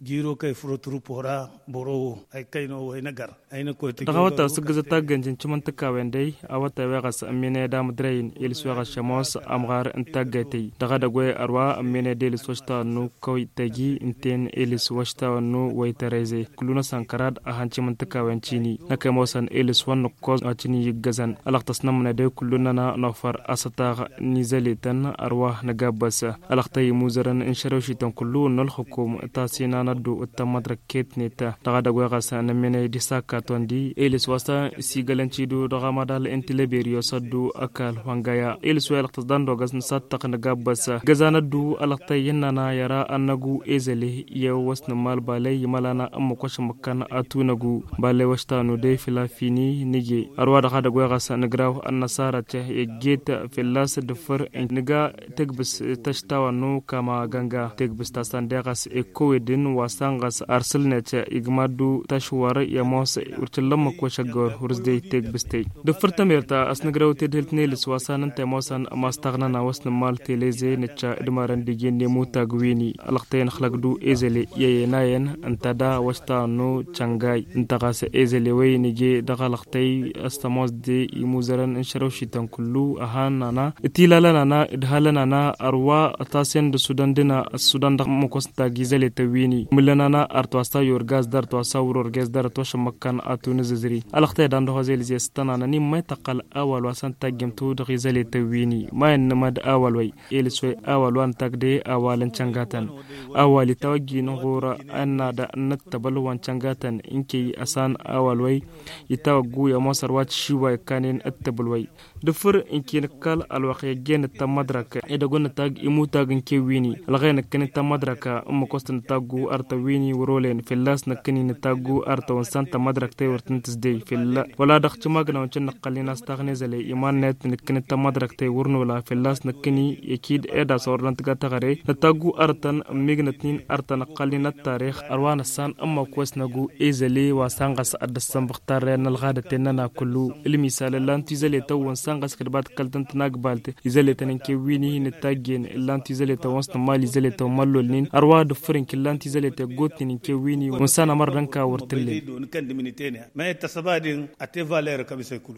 jiro kai furoturu pora boro ai kai no wai nagar ai na koy daga wata su gaza ta ganjin ciman ta kawen dai a wata wega sa amine da mudrayin il su ga shamos amgar in ta gaitai daga da goy arwa amine da il sosta no koy tagi inten il su wasta no wai tareze kuluna sankarad a han ciman ta kawen cini na kai mosan il su wan ko a cini gazan alaqtas na mun dai kuluna na nofar asata ni zalitan arwa na gabasa alaqtai muzaran in sharoshi tan kullu nal hukum sinan. madra ketne ta daga dagwe sa na mene disaka tondi elis si sigalanci do daga madal entile beriyo saddu akal wangaya elis wel qtadan do gasn ta na gabas gazana du yinna na yara annagu ezeli ye wasna mal balai malana amma kwash makkan atunagu balai washta no de filafini nige arwa daga dagwe sa na an nasara ta geta filas da fur niga tagbis tashtawa no kama ganga tagbis e ekowedin wasanga arsilnete igmadu tashwara ya mose urtilama kwashagor hursday teg bistay dufurta mirta asnagrawted hiltnelis wasanante mosan amastaqnana wasna malte leze necha idmaran digin nemuta gwini alaqtayn khlaqdu ezele yayenayen antada wasta no changai intaqase ezele weynige daqalaqtay astamos de imuzaran insharawshitan kullu ahanana itilalanana idhalanana arwa atasen da sudan dina sudan da mukwasta gizele ta wini ملنانا ارتواستا يورغاز در تواسا ورورغاز در توش مكان اتو نززري الختي دان دو هزيل زيستنا نني ما تقل اول وسن تاجم تو دغيزلي تويني ما نمد اول وي ال سوي اول وان تاكدي اولن چنگاتن اولي توجي نغورا ان دا نتبل وان چنگاتن انكي اسان اول وي يتوجو يا مصر وات شيوا كانين اتبل وي دفر انكي نكال الواقع جين تمدرك ادغون تاج امو تاج انكي ويني لغين كن تمدرك ام كوستن تاجو ارتا ورولين في اللاس نكني نتاغو ارتا سانتا تا مدرك تي ورتن في اللا ولا دخت ماغنا ونشن نقلينا استغني زلي ايمان نت نكني تا مدرك تي ورنولا في اللاس نكني اكيد ادا صورن تغا تغري نتاغو ارتن ميغنتين ارتا نقلينا التاريخ اروان السان اما كوس نغو ايزلي وسان غس ادسن بختار الغاده تننا كلو المثال لانتي زلي تو ونسان غس كربات كلتنت ناقبالت ايزلي تنكي ويني نتاغين لانتي زلي تو وسط مالي زلي تو مالولين اروا دفرن كلانتي زلي da ta gotin ke wini mun sana mar ranka wartin le ma ta sabadin a te valer